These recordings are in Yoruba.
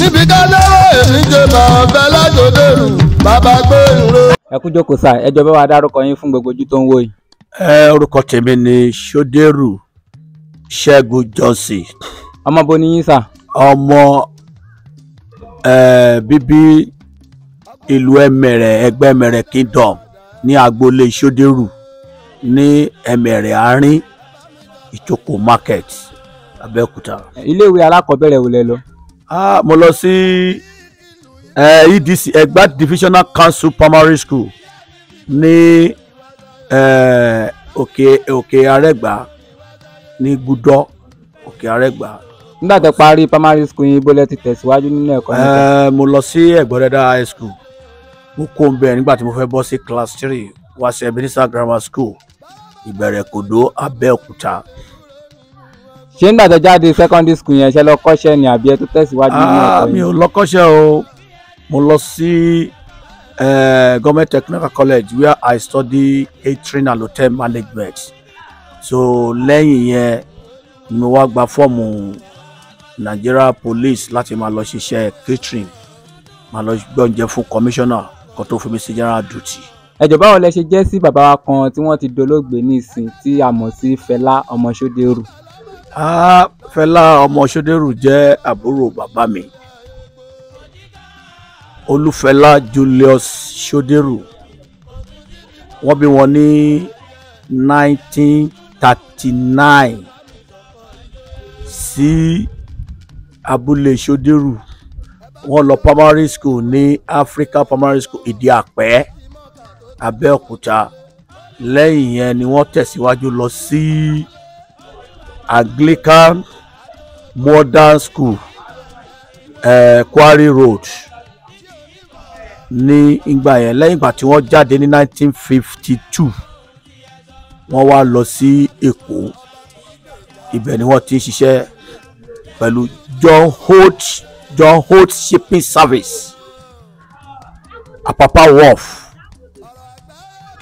níbi ká lọ́wọ́ èmi jẹ máa fẹ́ látòdèrú bàbá gbé ìró. ẹ kú jókòó sá ẹjọ bá wa dárúkọ yín fún gbogbo ojú tó ń wò yìí. ẹ orúkọ tèmi ni ṣọdẹrù ṣẹ́gun johnson. ọmọ bo ni yín sá. ọmọ bíbí ìlú ẹmẹrẹ ẹgbẹ ẹmẹrẹ kingdom ní agboolé ṣọdẹrù ní ẹmẹrẹ àárín ìjókòó market abẹ́òkúta. iléèwé alákọ̀ọ́bẹ̀rẹ̀ wo lẹ lọ ah mo lọ sí uh, eh, edc ẹgbà divisional council primary school ní eh, òkè òkè arẹ́gbá ní gudọ òkè arẹ́gbá. nígbà tó parí primary school yín bó lẹ ti tẹ̀síwájú nínú ẹ̀kọ́ nípa. Eh, mo lọ sí ẹ̀gbọ́dẹ́dá high school mo kó ń bẹ̀ nígbà tí mo fẹ́ bọ́ sí class three wá sí ebenezer grammar school ìbẹ̀rẹ̀ kòdó abẹ́òkúta ṣé nígbà tó jáde secondary school yẹn ṣe lọ kọ́ṣẹ́ ni àbí ẹ tó tẹ̀síwájú nínú ah, ẹ̀kọ́ yẹn. mi ò lọ kọ́ṣẹ́ o mo lọ sí eh, government technical college where i study catering and hotel management so lẹ́yìn yẹn ni mo wá gba fọ́ọ̀mù nigeria police láti máa lọ ṣiṣẹ́ catering máa lọ gbọ́njẹ fún commissioner kan tó fi mi sí general duty. ẹjọ báwo lẹ ṣe jẹ́ sí bàbá wa kan tí wọ́n ti dolóògbé ní ìsìn tí a mọ̀ sí Fẹlá Ọmọṣódérù. Ah, Fẹ́lá ọmọ Ṣódérù jẹ́ àbúrò bàbá mi Olúfẹ́lá Julius Ṣódérù wọ́n bí wọn ní 1939 sí abúlé Ṣódérù wọ́n lọ primary school ní Africa Primary School Ìdíàpẹ Abẹ́òkúta lẹ́yìn yẹn ni wọ́n tẹ̀síwájú lọ sí. Si anglican modern school uh, quarry road ní ìgbà yẹn lẹ́yìn ìgbà tí wọ́n jáde ní 1952 wọ́n wá lọ sí èkó ibẹ̀ ni wọ́n ti ń ṣiṣẹ́ pẹ̀lú john holt john holt shipping service apapa wharf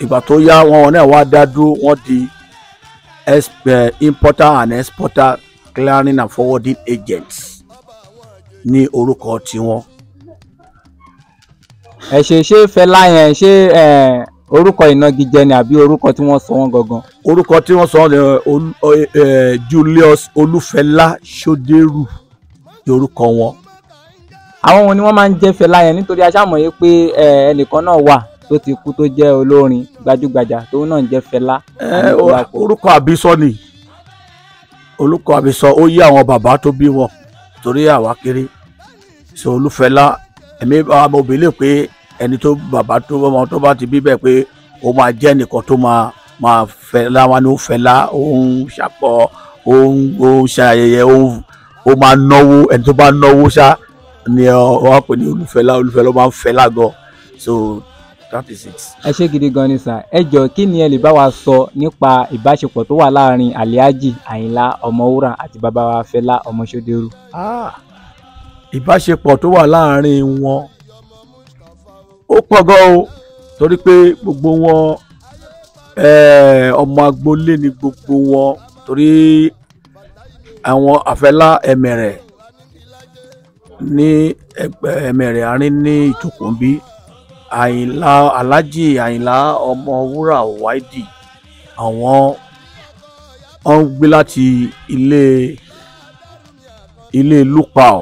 ìgbà tó yá wọn náà wá dá dúró wọ́n di Eh, importer and exporter clearing and forwarding agents ní orúkọ tiwọn. ẹ ṣe ṣé fẹlá yẹn ṣé orúkọ ìnagijẹ ni àbí orúkọ tí wọ́n sọ wọ́n gangan. orúkọ tí wọ́n sọ wọ́n eh, eh, Julius Olúfẹlá Ṣódérù ni orúkọ wọn. àwọn wo ni wọ́n máa ń jẹ́ fẹlá yẹn nítorí aṣáàmọ̀ yìí pé ẹnìkan náà wà tó ti kú tó jẹ́ olórin gbajúgbajà tóun náà ń jẹ́ Fẹlá. orúkọ àbísọ ni orúkọ àbísọ ó yí àwọn bàbá tó bí wọn torí àwa kéré ṣe olúfẹlá ẹmí ọmọbìnrin pé ẹni tó bàbá tó ọmọ tó bá ti bí bẹ́ẹ̀ pé ó máa jẹ́ nìkan tó máa máa fẹlá wọn ni ó fẹlá òun ṣàpọ̀ òun òun ṣayẹyẹ òun ó máa náwó ẹni tó bá náwó ṣá ni wọn pè ní olúfẹlá olúfẹlá ó máa ń fẹlá gan so that is it. ẹ ṣé gidi gan ni sà ẹ jọ kí ni ẹ lè bá wa sọ nípa ìbáṣepọ̀ tó wà láàrin aliaji àyìnlá ọmọwúrà àti bàbá wa fẹlá ọmọṣọdẹrù. Ah, ìbáṣepọ̀ tó wà láàrin wọn ó pọ̀ gan o torí pé gbogbo wọn eh, ọmọ agboolé ni gbogbo wọn torí àwọn àfẹlá ẹ̀mẹ̀rẹ̀ ní ẹ̀mẹ̀rẹ̀ àárín ní ìtòkùnbí àyìnlá aláàjì àyìnlá ọmọwúrà wáídì àwọn ọ ń gbé láti ilé ilé lupao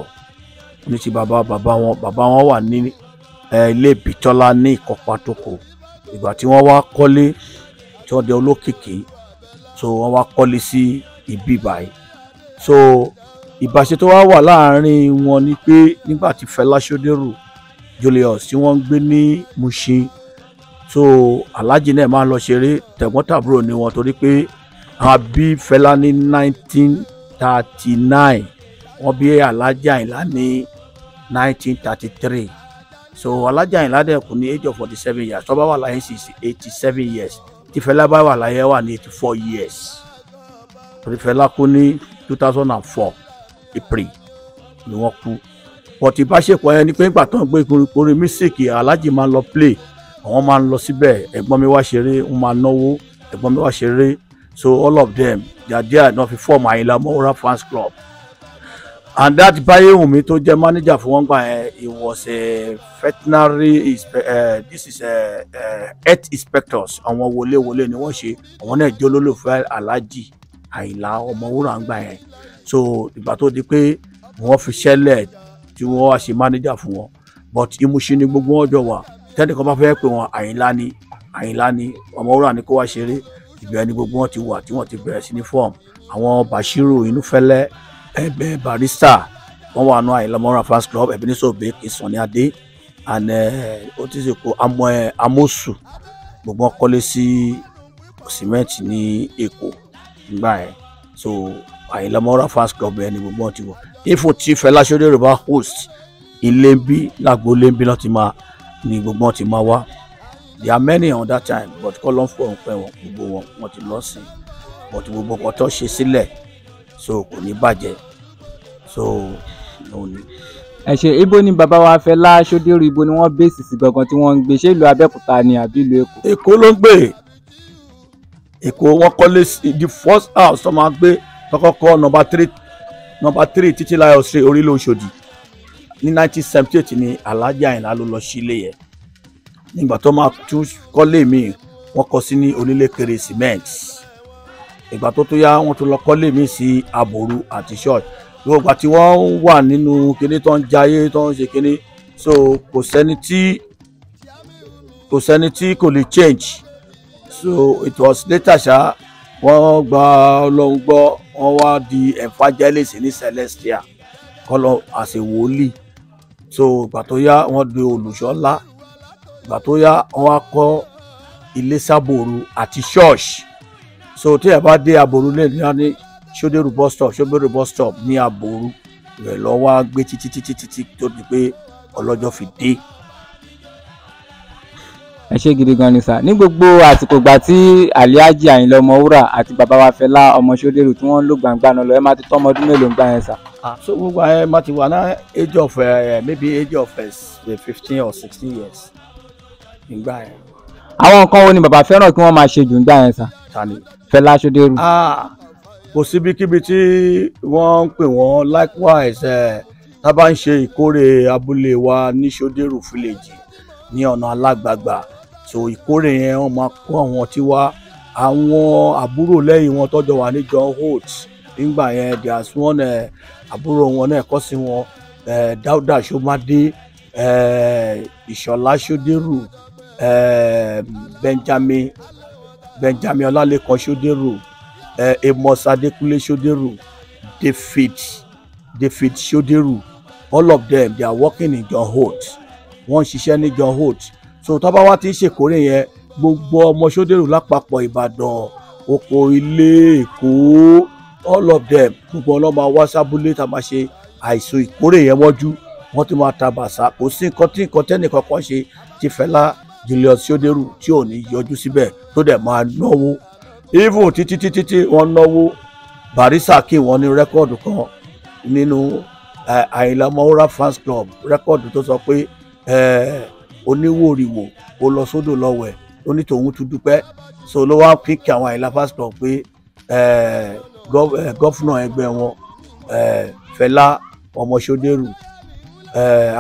ní ti bàbá bàbá wọn bàbá wọn wà ní ilé bìtọ́lá ní ìkọ́pá tó kù ìgbà tí wọ́n wá kọ́lé tí wọ́n di olókìkí so wọ́n wá kọ́lé sí ibi báyìí so ìbáṣe tó wá wà láàárín wọn ni pé nígbà tí Fẹlá Ṣódérù Julius tí wọ́n ń gbé ní Mushin so Alhaji náà máa ń lọ ṣeré tẹ̀gbọ́n-tàbúrò ni wọn torí pé àwọn bí Fẹlá ní 1939 wọ́n bí Alhaji Àyìnlá ní 1933 so Alhaji Àyìnlá dẹ̀ kú ní age of 47 years tọ́ba wà láyé sí 87 years tí Fẹlá bá wà láyé wà ní 84 years torí Fẹlá kú ní 2004 April ni wọ́n kú but ìbáṣepọ̀ yẹn ni pé nígbà tó ń gbé orin mísíkì aláàjì máa ń lọ play àwọn máa ń lọ síbẹ̀ ẹ̀gbọ́n mi wá ṣeré wọ́n máa náwó ẹ̀gbọ́n mi wá ṣeré so all of them jàdíà náà fi form Àyìnlá Ọmọwúrà fans club and that Báyéwùmí tó jẹ́ manager fún wọn gbà yẹn he was a veterinary uh, this is a, uh, eh, eh, health inspectors àwọn wọléwọlé ni wọ́n ṣe àwọn náà jẹ́ olólùfẹ́ aláàjì Àyìnlá Ọmọwúrà ń gbà yẹn so ìgbà tó di pé wọ́n fi ṣẹlẹ̀ tí wọ́n á ṣe mánéjà fún wọn but ìmúṣe ni gbogbo wọn jọ wà tẹ́nìkan bá fẹ́ pè wọn àyínlá ni àyínlá ni ọmọwúrà ni kó wá ṣeré ìbẹ̀rẹ̀ ni gbogbo wọn ti wà tí wọ́n ti bẹ̀rẹ̀ sí ní form àwọn bashiru inúfẹ́lẹ́ ẹgbẹ́ barista wọ́n wà nù àyínlá ọmọwúrà fans club ebenezer obe ìsànni adé and otisi ko amosu gbogbo wọn kọ́lé sí sìmẹ́ǹtì ní èkó nígbà yẹn so Àyìnlá Ọmọwúrà club ẹni gbogbo ti wọ ifo tí Fẹlá Ṣódé Yorùbá host ilé lágbo ilé ń ti máa ni gbogbo ti máa wá there are many on that time but kọ́ ló ń fọ òun pẹ́ wọn gbogbo wọn wọn ti lọ sí but gbogbo ọkọ̀ tó ṣe sílẹ̀ so kò ní bàjẹ́ so òun ni. ẹ ṣe ibo ni bàbá wa Fẹlá Ṣódé Yorùbá ibo ni wọ́n bẹ́ẹ̀sì sí gangan tí wọ́n ń gbé ṣé ìlú Abẹ́òkúta ni àbí ìlú Èkó. Èkó ló ń gbé Èkó wọn kọ́lé the first house tó máa gbé kọ́kọ́ kọ́ nọmba three nọmba three títílayọ̀ ṣe orílẹ̀ Òṣòdì ní nineteen seventy eight ni Alhaji Àyìnlá ló lọ sílé yẹn nígbà tó máa tún kọ́lé míì wọ́n kọ́ sí ní onílé kéré cement ìgbà tó tó yá wọ́n tún lọ kọ́lé míì sí aboru àti church gbogbo ìgbà tí wọ́n wà nínú kinní tó ń jayé tó ń ṣe kinní so kò sẹ́ni tí kò sẹ́ni tí kò lè change so it was later ṣáá wọ́n gba ọlọ́run gbọ́ wọ́n wá di evangelist ní celestia kọ́lọ́ àṣẹ wòlíì so ìgbà tó yá wọ́n di olùṣọ́ ńlá ìgbà tó yá wọ́n á kọ́ ilé sábòrò àti ṣọ́ọ̀ṣì so tí ẹ bá dé àbòrò lè ní ní ṣódérù bus stop ṣódérù bus stop ní àbòrò rẹ̀ lọ́wọ́ á gbé títí títí títí tó di pé ọlọ́jọ́ fi dé ẹ ṣé gidi gan ni sà ní gbogbo àsìkò ìgbà tí aliaji àyìnlá ọmọwúrà àti bàbá wa fẹlá ọmọ ṣọdẹrù tí wọn ń lò gbàngbà náà lọ ẹ máa ti tọ́ ọmọ mélòó ń gbà yẹn sà. Ah, so gbogbo ẹ máa ti wà ná age of eh, maybe age of eh, fifteen or sixteen years nígbà yẹn. àwọn nǹkan wo ni bàbá fẹ́ràn kí wọ́n máa ṣe jù nígbà yẹn sà. fẹlá ṣọdẹrù. Ah, kò síbi tí wọ́n ń pè wọ́n likewise eh, tá a bá ń ṣe ìkórè abúlé wa ní ṣọdẹrù fìlèjì ní ọ̀nà alágbàgbà so ìkórè yẹn wọ́n máa kó àwọn ọtí wá àwọn àbúrò lẹ́yìn wọn tọ́jọ wà ní John Holt nígbà yẹn they as one eh, àbúrò wọn náà kọ́ sí wọn eh, Dáúdà Ṣọmádé eh, Ìṣọ̀lá Ṣódérù Benjamin Benjamin Ọlálékan Ṣódérù Amos Adékúnlé Ṣódérù David David Ṣódérù all of them they are working in John Holt wọ́n ń ṣiṣẹ́ ní John Holt so tọ́ba wa ti ń ṣèkórè yẹn gbogbo ọmọ Ṣódérù lápapọ̀ Ìbàdàn oko ilé Èkó all of them gbogbo ọlọ́mọ wa sábúlé tá a máa ṣe àìsàn ìkórè yẹn mọ́jú wọ́n ti máa ta bàṣà kò sí nǹkan tí nǹkan tẹ́nìkan kan ṣe ti Fẹlá Julius Ṣódérù tí ò ní yọjú síbẹ̀ tó dẹ̀ máa náwó even títí títí tí wọ́n náwó Barisa kí wọ́n ní rẹ́kọ́ọ̀dù kan nínú Àyìnlá eh, Mọ̀wúrà fans club rẹ́kọ́ọ̀dù tó sọ pé ẹ̀ẹ́. Eh, oníwòrìwò ó lọ sódò lọ́wẹ̀ ó ní tòun tún dúpẹ́ so ló wá píkì àwọn àyìnlá pásítọ̀ pé gọ́fúnà ẹgbẹ́ wọn Fẹlá Ọmọṣọdẹrù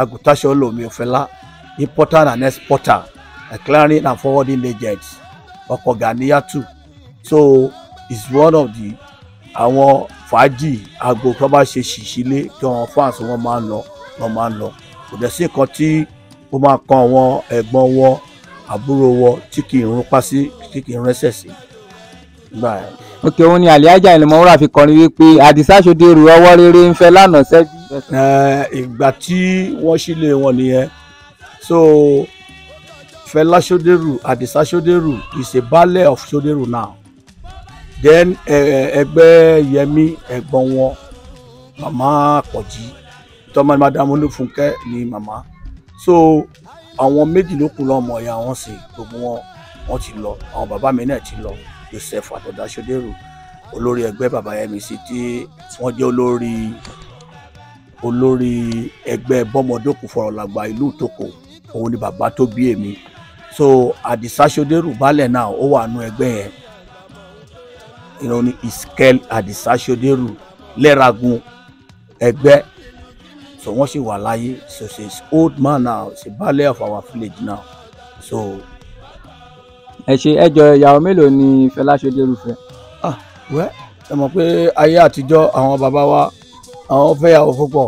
agùntàṣọ lomi Fẹlá importer and exporter clearing and forwarding agents ọkọ̀ Ganiyatu so is one of the àwọn fàájì àgbo tó bá ṣe ṣìṣílé tí wọn fáǹsì wọn máa ń lọ wọn máa ń lọ kò dẹ̀ sí nǹkan tí ó máa kan àwọn ẹ̀gbọ́n wọ àbúrò wọ tí kì í runpá sí tí kì í rẹ́sẹ̀ sí. òkè òun ni àlíájà ìlúmọ̀wúrà fi kọrin wípé àdìsá ṣòde rù ọwọ́ rere ń fẹ́ lánàá sẹ́bí. ìgbà tí wọ́n sílé wọn nìyẹn so Fela Ṣódérù Àdìsá Ṣódérù is a baálẹ̀ of Ṣódérù now then ẹgbẹ́ Yẹmí ẹ̀gbọ́n wọn màmá Àpọ̀jì tọ́mọ Madamu Olúfúnkẹ́ ni màmá so àwọn méjì ló kù lọ́mọ ìyá wọn sì gbogbo wọn wọn ti lọ àwọn bàbá mi náà ti lọ Joseph àtọ̀dá Ṣódérù olórí ẹgbẹ́ bàbá Yẹmisí e tí wọ́n jẹ́ olórí olórí ẹgbẹ́ bọ́mọdókù fọ̀rọ̀làgbà ìlú ìtòkò òun ni bàbá tó bí èmi so Àdìsá Ṣódérù baálẹ̀ náà ó wà nú ẹgbẹ́ yẹn ìròyìn Iskel Àdìsá Ṣódérù lẹ́ragun ẹgbẹ́ so wọ́n sì wà láyé so she is old man now she baálẹ̀ of our village now so. ẹ ṣe ẹjọ ìyàwó mélòó ni Fẹlá Ṣoderu fẹ́. ah wẹ́ ẹ mọ̀ pé ayé àtijọ́ àwọn bàbá wa àwọn fẹ́ púpọ̀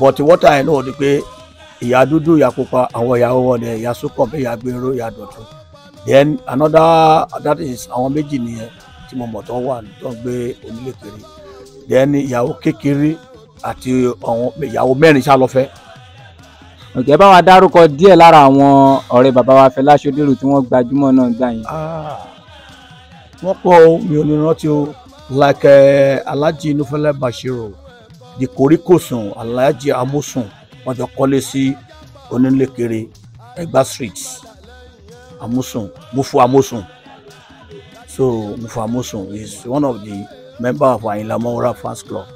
but what I know ni pé ìyá dúdú ìyá pupa àwọn ìyàwó wọn ni ìyá sókànbí ìyá gbèrò ìyá dọ̀tún then another that is àwọn méjì nìyẹn tí mo mọ̀ tó wà tó gbé onílé kiri then ìyàwó kékeré àti àwọn ìyàwó mẹ́rin ṣá lọ fẹ́. ǹjẹ́ bá wa dárúkọ díẹ̀ lára àwọn ọ̀rẹ́ bàbá wa Fẹlá Ṣódérù tí wọ́n gbajúmọ̀ náà gbà yín. Ah, wọ́n pọ̀ mi ò ní rántí o like eh, Alhaji Nufẹ̀lẹ̀ Bashiru the koríkòsùn Alhaji Amusun wọ́n jọ kọ́lé sí onílékeré Ẹ̀gbá street Amusun Mufu Amusun so Mufu Amusun is one of the members of Ayinla Mọ́wúrà fans club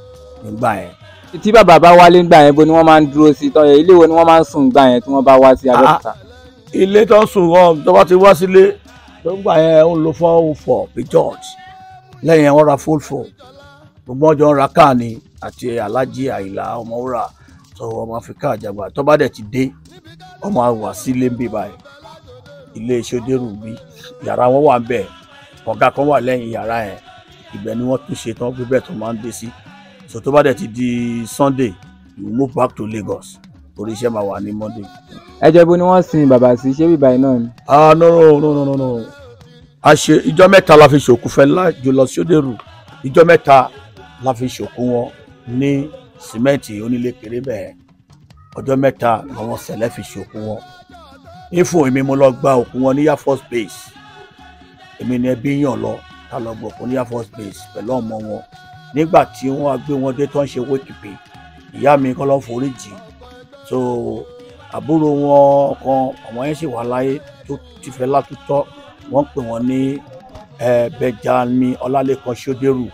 nígbà yẹn tí bàbá bá wálé ńgbà yẹn bo ni wọ́n máa ń dúró sí tán ilé wo ni wọ́n máa ń sùn ńgbà yẹn tí wọ́n bá wá sí ah, abẹ́òkúta. ilé tó ń sùn wọn tó bá ti wá sílé tó ń gbà yẹn ó lo fọ́ọ̀hún oh fọ̀ bí george lẹ́yìn wọn ra fóòfò gbogbo ọjọ́ ń ra káàní àti alájí àyìnlá ọmọwúrà tó ọmọ áfíríkà àjàgbà tó bá dẹ̀ ti dé ọmọ àwà sílé ń bí báyìí ilé sódérù bí yàrá wọn wà ń bẹ̀ ọ̀gá kan wà lẹ́yìn yàrá yẹn ìbẹ̀ ni wọ́n tún ṣe tán gbígbẹ́ tó máa ń dé sí so tó bá dẹ̀ ti di sunday you move back to lagos torí iṣẹ́ máa wà ní monday. ẹjẹ bó ni wọ́n sin bàbá sí ṣé bíbá iná ni. ah no no no no no no. a ṣe ìjọ mẹ́ta la fi ṣòkú Fẹlá jùlọ sódèrú ìjọ mẹ́ta la fi ṣòkú wọn ní sìmẹ́ǹtì onílé kéré bẹ́ẹ̀ ọjọ́ mẹ́ta làwọn sẹ̀lẹ̀ fi ṣòkú wọn ifun èmi mo lọ gba òkú wọn ní air force base èmi ni ẹbí yàn lọ ta lọ gbọ́ òkú ní air force base pẹ̀lú ọmọ wọn nígbà tí wọ́n á gbé wọn dé tó ń ṣe wékìpé ìyá mi kọ́ ló forí jì so àbúrò wọn kan ọmọ yẹn sì wà láyé tó ti fẹ́ látútọ́ wọ́n pè wọ́n ní Benjamin Ọlálẹ́kan Ṣódérù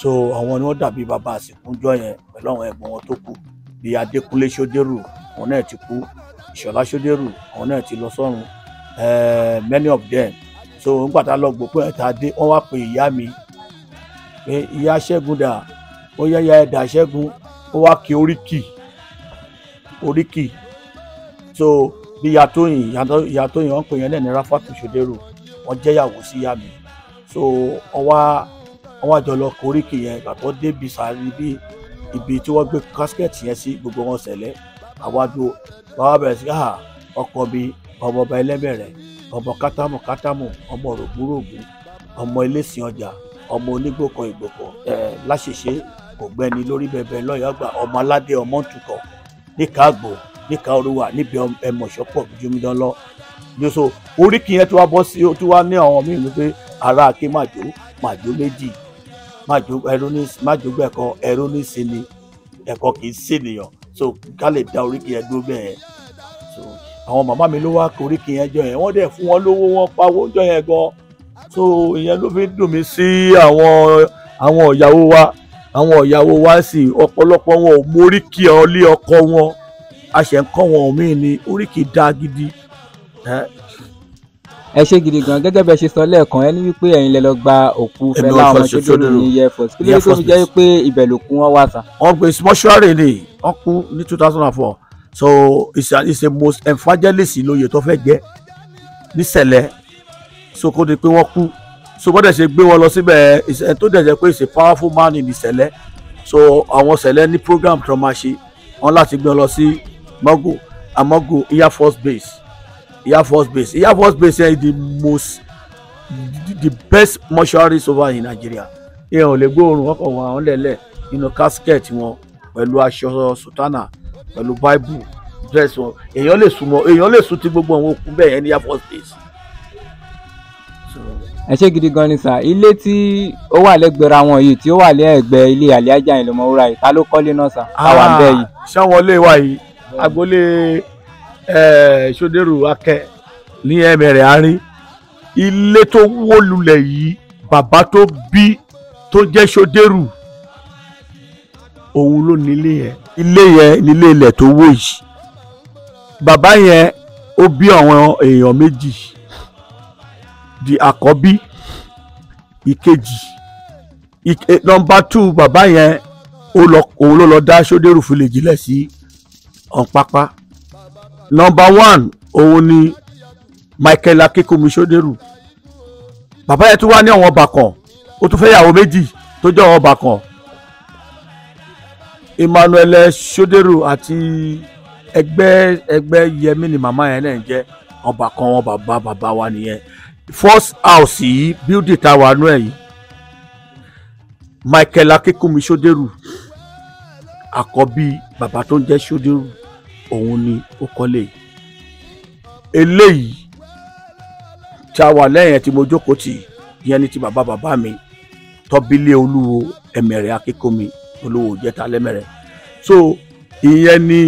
so àwọn ni wọ́n dàbí bàbá àsìkúnjọ́ yẹn pẹ̀lú àwọn ẹ̀gbọ́n wọn tó kù bíi Adékúnlé Ṣódérù àwọn náà ti kú Ìṣọ̀lá Ṣódérù àwọn náà ti lọ sọ́run many of them so nígbà tá lọ gbọ́ ẹ̀ta dé wọ́n wá pe ìyá mi ìyá ṣẹ́gun dà ó yá ìyá ẹ̀dà ṣẹ́gun ó wá kí oríkì oríkì so bí ìyá tóyìn ìyá tóyìn wọn pè yẹn lẹ́ni ráfàtú ṣòdérò wọn jẹ́yàwó sí ìyá mi so ọwá ọwá jọlọ kó oríkì yẹn ìgbà tó débi sàárì bí ibi tí wọ́n gbé kásikẹ́ẹ̀tì yẹn sí gbogbo wọn sẹ̀lẹ̀ àwájú bàbá bẹ̀rẹ̀ sí káà ọkọ mi ọmọ ọba ẹlẹ́bẹ̀rẹ̀ ọmọ kátámù kátámù ọmọ rògbòrògbò ọmọ ilé sìn ọjà ọmọ onígbòkan ìgbòkan ẹ láṣẹṣe kò gbẹni lórí bẹbẹ lọyọ àgbà ọmọ aládé ọmọ ntukọ níka àgbò níka oruwa níbi ẹmọṣọpọ jùmídánlọ yóso oríkì yẹn tó wá bọ sí ó tó wá ní àwọn míì wípé ara àké màjò màjò méjì màjò ẹrú ní màjò gbẹkọ ẹrú ní sinmi ẹkọ kì í sènìyàn so ká lè da oríkì yẹn dúró bẹ́ẹ̀ yẹn so àwọn màmá mi ló wá koríkì yẹn jọ yẹn wọ́n dẹ̀ fún wọn lówó wọn pawó jọ yẹn gan-an so ìyẹn ló fi ń dùn mí sí àwọn àwọn ìyàwó wa àwọn ìyàwó wa sì ọ̀pọ̀lọpọ̀ wọn ò mórí kí ọ lé ọkọ wọn a ṣẹ̀ ń kọ́ wọn míì ni oríkì dá gidi. ẹ ṣe gidi gan gẹ́gẹ́ bẹ́ẹ̀ ṣe sọ lẹ́ẹ̀kan ẹni wípé ẹ̀yin lẹ lọ gba òkú Fẹlá Ọmọṣọ́dún ní Air Force kí ló tó fi jẹ́ pé ibẹ̀ lòkú wọn wà sá. wọn gbé mọ́ṣúárì ni wọn kú ní two thousand and four so it's a, it's a most emphagelis lóye tó fẹ́ jẹ́ nísẹ̀lẹ̀ so kó di pé wọ́n kú so bọ́dẹ̀ ṣe gbé wọn lọ síbẹ̀ ìṣẹ̀lẹ̀ tó dẹ̀ jẹ́ pé ìṣe powerful man in ìṣẹ̀lẹ̀ so àwọn ìṣẹ̀lẹ̀ ní program tó máa ṣe wọn láti gbé wọn lọ sí Mago Amago Air Force Base Air Force Base Air Force Base yẹn the most the best mortuary over in Nigeria èèyàn ò lè gbóòórùn wọn kàn wọn àwọn lẹ̀lẹ̀ nínú casket wọn pẹ̀lú aṣọ sultana pẹ̀lú bible dress wọn èèyàn lè sùn mọ́ èèyàn lè sùn ti gbogbo àwọn òkú bẹ́ẹ̀ yẹn ní Air Force Base ẹ ṣé gidi gan ni sà ilé tí ó wà lẹ́gbẹ̀ra wọn yìí tí ó wà ní ẹ̀gbẹ́ ilé àlíájà yìí ló mọ wúrà yìí ta ló kọ́lé náà sà táwa ń bẹ yìí. sáwọn ah, ilé wa yìí agboolé eh, ṣòdèrò akẹ ní ẹ̀mẹ̀rẹ̀ àárín ilé tó wó lulẹ̀ yìí bàbá tó bí tó jẹ́ ṣòdèrò òun ló ní yẹn ilé yẹn nílé ilẹ̀ tó wó yìí bàbá yẹn ó bí àwọn èèyàn méjì di àkọ́bí ìkejì ìke eh, nọmba two bàbá yẹn òun ló lọ dá sódérù fìlèjìlẹ̀ sí ọ̀npápá nọmba one òun ni Michael Akínkúnmi sódérù bàbá yẹn tún wá ní àwọn ọba kan ó tún fẹ́ yàwó méjì tó jẹ́ àwọn ọba Emmanuel sódérù àti ẹgbẹ́ ẹgbẹ́ yẹmí ni màmá yẹn náà ń jẹ́ ọba kan wọn bàbá bàbá wa nìyẹn first house yìí building tá a wà nú ẹ̀ yìí Michael Akínkúnmi Ṣódérù àkọ́bí bàbá tó ń jẹ́ Ṣódérù òun ni ó kọ́lé eléyìí tí a wà lẹ́yìn tí mo jókòó tì yẹn ní ti bàbá bàbá mi tọ́bílé olúwo ẹ̀mẹ̀rẹ̀ Akínkúnmi olówó jẹ́ta lẹ́mẹ̀rẹ̀ so ìyẹn ni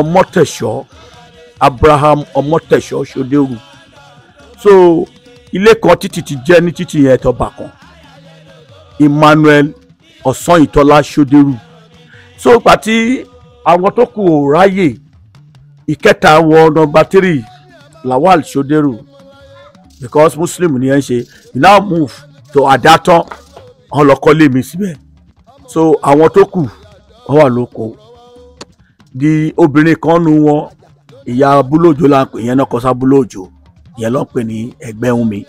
ọmọtẹ̀ṣọ́ Abraham ọmọtẹ̀ṣọ́ Ṣódérù so ilé kan títì ti jẹ́ ní títì yẹn tó bà kan Emmanuel Ọ̀sanyìntọ́lá Ṣódérù so ìgbà tí àwọn tó kù ò ráyè ìkẹta wọ nọmba tírì Lawal Ṣódérù because Muslim ni ẹ ń ṣe you now move to Adatan wọn lọ mi síbẹ̀ so àwọn tó kù wọn wà lóko di obìnrin kan nu wọn ìyá búlóòjò la ń pè yẹn náà kọsá búlóòjò yẹn ló ń pè ní ẹgbẹ́ omi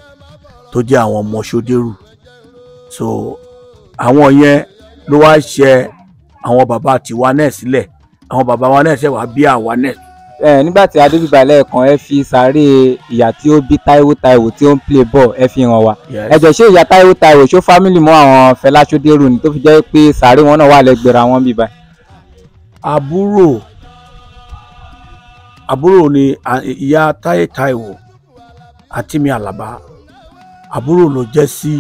tó jẹ́ àwọn ọmọ ṣódérù so àwọn yẹn ló wá ṣe àwọn bàbá tiwa náà sílẹ̀ àwọn bàbá wa náà ṣe wá bí àwa náà. ẹ nígbà tí adébíbà lẹ́ẹ̀kan ẹ fi sáré ìyá tí ó bí Táíwò Táíwò tí ó ń play ball ẹ fi hàn wá ẹ ṣé ìyá Táíwò Táíwò ṣó fámìlì mọ́ àwọn Fẹlá ni tó fi jẹ́ pé sáré wọn náà wà lẹ́gbẹ̀rẹ̀ àwọn bíbá. àbúrò àbúrò ni ìyá Táíwò àtìmí àlàbá àbúrò ló jẹ́ sí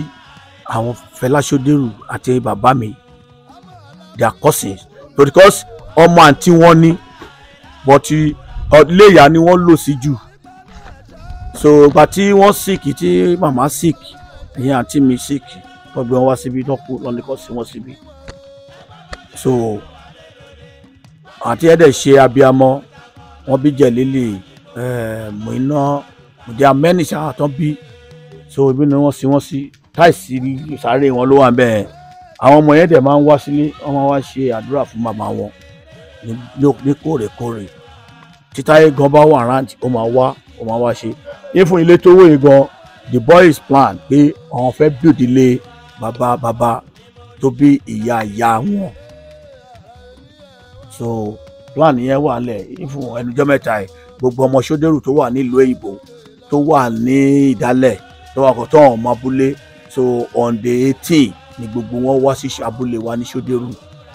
àwọn Fẹlá Ṣódérù àti bàbá mi their cousins because ọmọ àǹtí wọn ní but uh, ilé ni wọ́n lò sí jù so ìgbà tí wọ́n sick tí màmá sick ẹ̀yìn àǹtí mi sick wọ́n gbé wọn wá síbi tó kú lọ́nìkan sí wọn síbi so àti ẹ̀dẹ̀ ṣe abiyamọ wọ́n bí jẹ̀lélì ẹ̀ẹ́dẹ̀ eh, mọ̀ iná there are many ṣáà tán bí so ibi ni wọ́n sí wọ́n sí táìsì sáré wọn ló wà bẹ́ẹ̀ àwọn ọmọ yẹn dẹ̀ máa ń wá sílé wọ́n máa wá ṣe àdúrà fún màmá wọn ní kórèkórè títáyé gan bá wà rántí ó máa wá ó máa wá ṣe yín fún ilé tó wòye gan the boys plan pé àwọn fẹ́ build ilé bàbá bàbá tó bí ìyá ìyá wọn so plan yẹn wà lẹ̀ yín fún ẹnujọ́ mẹ́ta ẹ̀ gbogbo ọmọ sódẹ́rù tó wà nílùú èyìnbó tó wà ní ìdálẹ̀ tó wà kọ̀tọ́ ọmọ abúlé so on the eighteen ni gbogbo wọn wá sí abúlé wa ní sódérù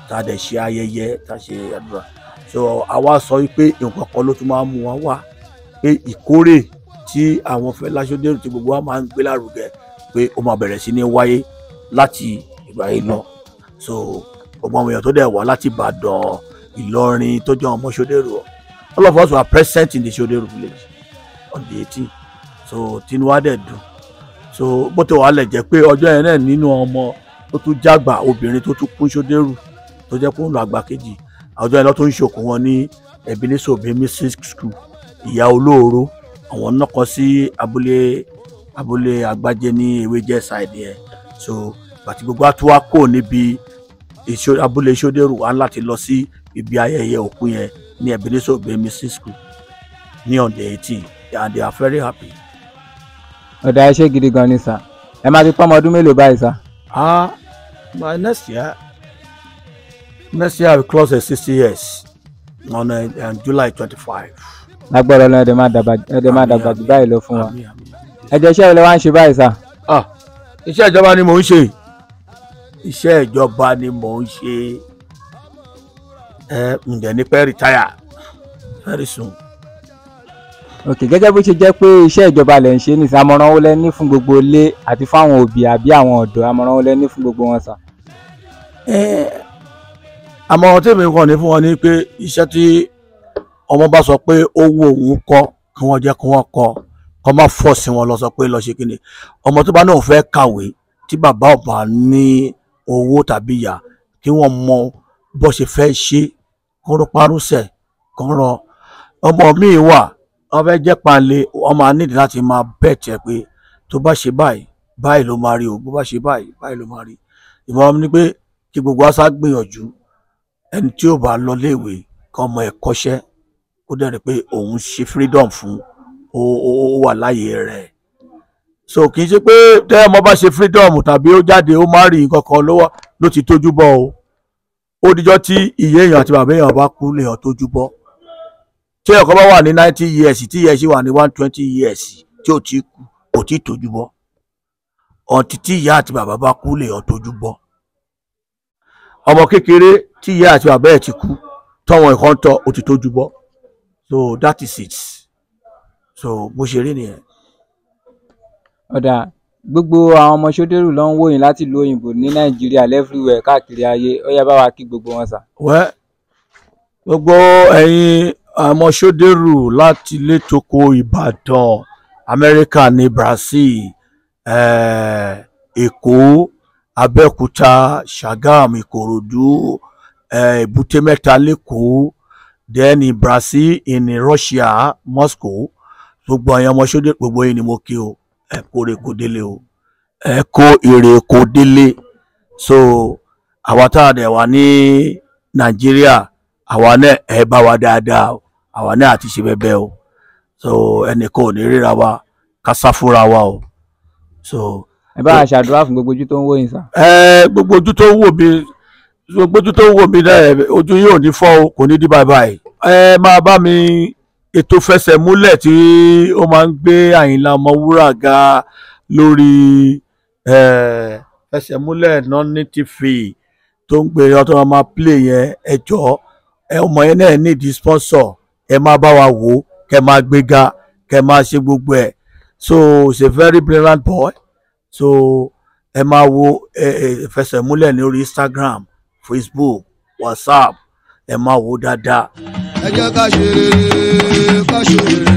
tá a dẹ̀ ṣe ayẹyẹ tá ṣe àdúrà so àwa sọ pé nǹkan kan ló tún máa ń mú wa wá pé ìkórè tí àwọn Fẹlá Ṣódérù tí gbogbo wa máa ń gbé lárugẹ pé ó máa bẹ̀rẹ̀ sí ní wáyé láti ìgbà yìí lọ so gbogbo àwọn èèyàn tó dẹ̀ wá láti Ìbàdàn Ìlọrin tó jẹ́ ọmọ Ṣódérù all of us were present in the Ṣódérù village on the eighteen so tinú wa dẹ̀ so bó ti wà lẹ̀ jẹ́ pé ọjọ́ yẹn náà nínú ọmọ tó tún jágbà obìnrin tó tún kún sódérù tó jẹ́ kó ń lọ àgbà kejì ọjọ́ yẹn lọ́ tó ń ṣòkò wọn ní ebenezer obemisi school ìyá olóoro àwọn nọkọ sí abúlé abúlé àgbájé ní ewéjẹ side yẹn so bàtí gbogbo àtúwá kò níbi abúlé sódérù wa láti lọ sí ibi ayẹyẹ òkú yẹn ní ebenezer obemisi school ní on the and they are very happy ọ̀dà iṣẹ́ gidi gan ni sà ẹ máa ti pọ́nmọ ọdún mélòó báyìí sà. ah my next year next year we cross the sixty years on uh, on July twenty five. lágbára Ọlọ́run ẹdẹ máa dàgbà jù báyìí lọ fún wa ẹjẹ iṣẹ́ ìlẹ wa ń ṣe báyìí sà. ah iṣẹ́ ìjọba ni mò ń ṣe iṣẹ́ ìjọba ni mò ń ṣe ẹ ǹdẹ̀ ní pẹ́ retire very soon ok gẹ́gẹ́ bó ṣe jẹ́ pé iṣẹ́ ìjọba lẹ̀ ń ṣe nìsín àmọ̀ràn wo lẹ ní fún gbogbo ilé àti fáwọn òbí àbí àwọn ọ̀dọ́ àmọ̀ràn wo lẹ ní fún gbogbo wọn sà. àmọ̀ràn tèmi kàn ní fún wọn ni pé iṣẹ́ tí ọmọ bá sọ pé ó wù òun kọ́ kí wọ́n jẹ́ kí wọ́n kọ́ kọ́ má fọ́ sí wọn lọ sọ pé lọ ṣe kíni ọmọ tó bá náà fẹ́ kàwé tí bàbá ò ní owó tàbí ìyá kí wọ́n mọ bó ṣe fẹ́ ṣe kó rọ parúṣẹ̀ kó rọ ọmọ míì wà wọ́n fẹ́ jẹ́ panle wọ́n máa nídìí láti máa bẹ̀tẹ̀ pé tó bá ṣe báyìí báyìí ló máa rí o bó bá ṣe báyìí báyìí ló máa rí ìmọ̀ràn mi ni pé kí gbogbo aṣá gbìyànjú ẹni tí ò bá lọ léèwé kọ́ ọmọ ẹ̀ kọ́ṣẹ́ kó dẹ̀ rí pé òun ṣe freedom fún ó wà láyé rẹ̀ so kì í ṣe pé tẹ́ ọmọ bá ṣe freedom tàbí ó jáde ó máa rí nǹkan kan lọ́wọ́ ló ti tójú bọ́ o ó dijọ́ tí ìyé èèyàn àti bàbá èèyàn bá kú lèèyàn tójú bọ́ tí ẹ̀kọ́ bá wà ní ninety years tí yẹ ṣe wà ní one twenty years tí ò ti kú kò tí tójú bọ́ ọ̀tí tí ìyá àti bàbá bá kú lè ọ̀ tójú bọ́ ọmọ kékeré tí ìyá àti bàbá ẹ̀ ti kú tọ́wọ́n ẹ̀kọ́ ń tọ́ ó ti tójú bọ́ so that is it so bó ṣe rí nìyẹn. ọ̀dà gbogbo àwọn ọmọ ṣódérù ló ń wòyìn láti ìlú òyìnbó ní nàìjíríà lẹ́fúrúwẹ̀ káàkiri ayé ó yá bá wa kí gbogbo wọn sà. wẹ́ gbogbo ẹ̀yin àmọ̀ṣọ́dẹ̀rù láti létòkò ìbàdàn amẹ́ríkà ní brazil um èkó abẹ́òkúta sàgám ìkòròdú um eh, èbúté-mẹ́ta lẹ́kọ̀ọ́ then in brazil in russia moscow gbogbo àwọn ọmọṣọ́dẹ̀rù gbogbo yìí ni mo kí o ẹ kó èrè délé o ẹ èrè kó délé so àwa tá a ní nàìjíríà àwa náà ẹ bá wa dáadáa o àwa náà ti ṣe bẹbẹ o so ẹnìkan ò ní ríra wa ká sá fúnra wa o so. ẹ bá a ṣàdúrà fún gbogbo ojú tó ń wò yín sá. ẹ gbogbo ojú tó ń wò mí gbogbo ojú tó ń wò mí náà ojú yóò ní fọ́ o kò ní dí bàbá yìí ẹ máa bá mi ètò fẹsẹ̀ múlẹ̀ tí ó máa ń gbé Àyìnlá Ọmọwúrà ga lórí fẹsẹ̀ múlẹ̀ nọ́ní tó ń gbé ọtọ́ máa play yẹn ẹ jọ̀ọ́ ẹ ọmọ yẹn náà nídìí sponsor ẹ máa bá wa wò ó kẹ máa gbéga kẹ máa ṣe gbogbo ẹ so he's a very brilliant boy so ẹ máa wo ìfẹsẹ̀múlẹ̀ ní orí Instagram Facebook WhatsApp ẹ máa wo dáadáa. ẹ jẹ́ ká ṣe rere ká ṣe rere